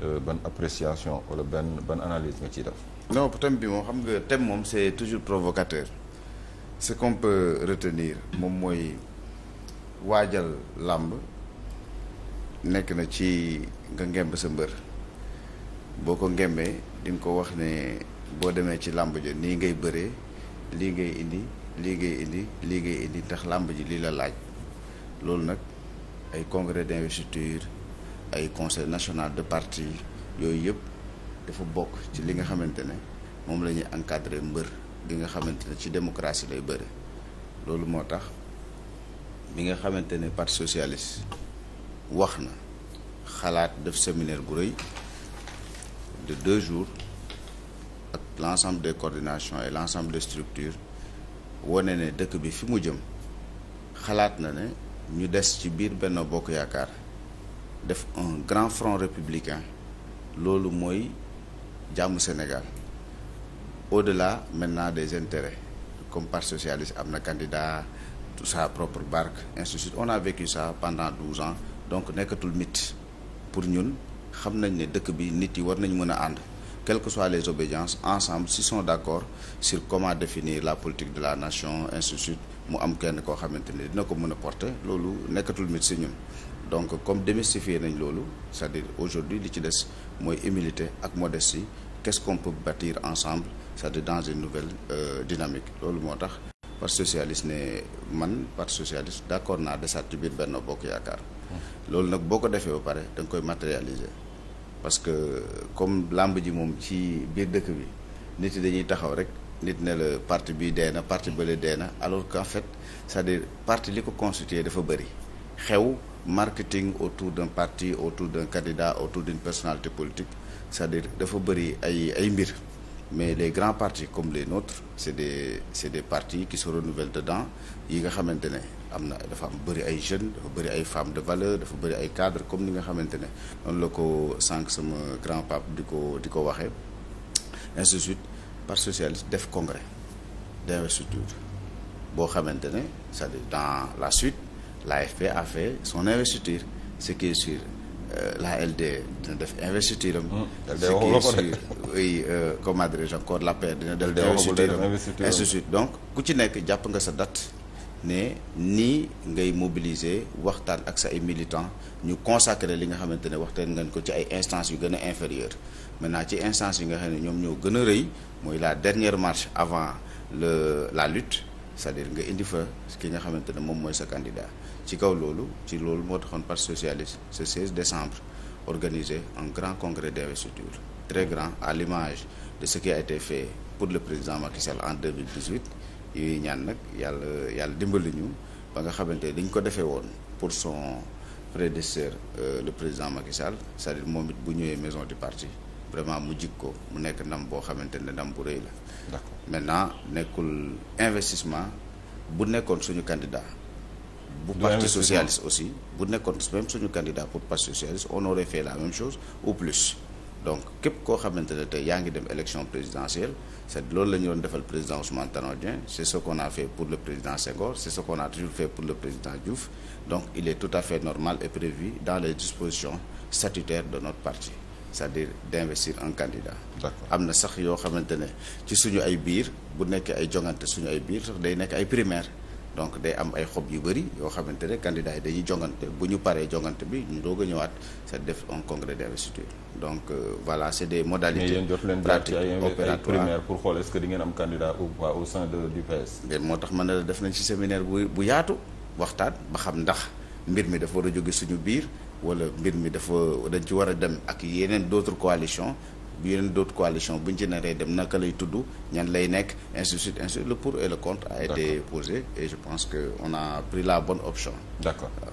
Euh, ban appréciation wala benn ban analyse nga ciy def. non thème bi moom xam nga thème moom c'est toujours provocateur ce qu'on peut retenir moom mooy waajal làmb nekk na ci nga ngemb sa mbër boo ko ngembee di nga ko wax ne boo demee ci làmb ji nii ngay bëree lii indi lii ngay indi lii ngay indi ndax làmb ji lii la laaj loolu nag ay congrès d'investiture ay conseil national de parti yooyu yëpp dafa bokk ci li nga xamante ne moom la ñuy encadrer mbër bi nga xamante ne ci démocratie lay bëre loolu moo tax bi nga xamante ne parti socialiste wax na xalaat def séminaire bu rëy de deux jours ak l'ensemble de coordinations et l'ensemble de structure wane ne dëkk bi fi mu jëm xalaat na ne ñu des ci biir benn Bokk Yaakaar def un grand front républicain loolu mooy jàmm Sénégal au-delà maintenant des intérêts comme parti socialiste am na candidat tout sa propre bark ainsi on a vécu ça pendant douze ans donc nekkatul mythe pour ñun xam nañ ne dëkk bi nit yi war nañ mën a ànd quelles que soient les obédiences ensemble s'ils sont d'accord sur comment définir la politique de la nation ainsi de suite mu am kenn koo xamante ne dina ko mën a porter loolu nekkatul mit si ñun donc comme démystifier nañ loolu c'est-à-dire aujourd'hui li ci des mooy humilité ak modestie qu'est-ce qu'on peut bâtir ensemble c'est-à-dire dans une nouvelle euh, dynamique loolu moo tax parti socialiste ne man parti socialiste d'accord naa desaat ci biir Benno Bokk Yaakaar mmh. loolu nag boo ko defee ba pare da koy matérialiser parce que comme làmb ji moom ci biir dëkk bi nit yi dañuy taxaw rek nit ne la parti bii dee na parti bële dee na alors qu'en fait cest à parti li ko constitué dafa bëri xew marketing autour d'un parti autour d'un candidat autour dun personnalité politique cest à dafa bëri ay ay mbir mais les grands partis comme les nôtres c'est des c'est des partis qui se renouvellent dedans yi nga xamante ne am na dafa am bëri ay jeunes dafa bëri ay femmes de valeur dafa bëri ay cadre comme ni nga xamante ne noonu la ko sànq sama grand pape di ko di ko waxee ainsi de suite def congrès d'investiture boo xamante ne c'est-à-dire dans la suite l'AFP a fait son investiture ce qui est Euh, la LD dina def investiture am. ce qui est sûr oui euh, comment dirais-je encore la paix dina def. investiture am ainsi de suite donc ku ci nekk jàpp nga sa dat ne nii ngay mobiliser waxtaan ak sa ay militants ñu consacré li nga xamante ne waxtaan ngeen ko ci ay instances yu gën a man maintenant ci instances yi nga xam ne ñoom ñoo gën a rëy mooy la dernière marche avant le la lutte. ca dire nga indi fa ki nga xamante ne moom mooy sa candidat ci kaw loolu ci loolu moo taxoon parti socialiste ce 16 décembre organisé un grand congrès d'investiture très grand à l'image de ce qui a fait pour le président Macky Sall en 2018 yuy ñaan nag yàlla yàlla dimbali ñu ba nga xamante ne dañ ko defee woon pour son prédécesseur euh, le président Macky Sall cest dire moom it bu ñëwee maison du parti vraiment mu jik ko mu nekk ndam boo xamante ne ndam bu rëy la. d'accord maintenant nekkul investissement bu nekkoon suñu candidat. bu parti socialiste aussi bu nekkoon même suñu candidat pour parti socialiste on aurait fait la même chose ou plus. donc képp koo xamante ne tey yaa ngi dem élection présidentielle c'est loolu la ñu doon defal président Ousmane Tanor Dieng c'est ce qu'on a fait pour le président Senghor c'est ce qu'on a toujours fait pour le président Diouf donc il tout à fait normal et prévu dans les dispositions statutaires de notre parti. c'est-à-dire d'investir un candidat. am na sax yoo xamante ne ci suñu ay biir bu nekk ay jongante suñu ay biir sax day nekk ay primaire donc day am ay xob yu bëri yoo xamante ne candidats yi dañuy jongante bu ñu paree jongante bi ñu doog a ñëwaat c'est def un congrès d'investiture donc euh, voilà c'est des modalités pratiques opératoires pour xool est-ce que di ngeen am candidat ou pas au sein de du PS. moo tax mën na la def nañ ci séminaire bu yaatu waxtaan ba xam ndax mbir mi dafa a jóge suñu biir. wala mbir mi dafa dañ ci war a dem ak yeneen d'autres coalitions bu yeneen d'autres coalitions bu ñu ci naree dem naka lay tudd ñan lay nekk ainsi de suite ainsi suite le pour et le contre a été posé et je pense que on a pris la bonne option d'accord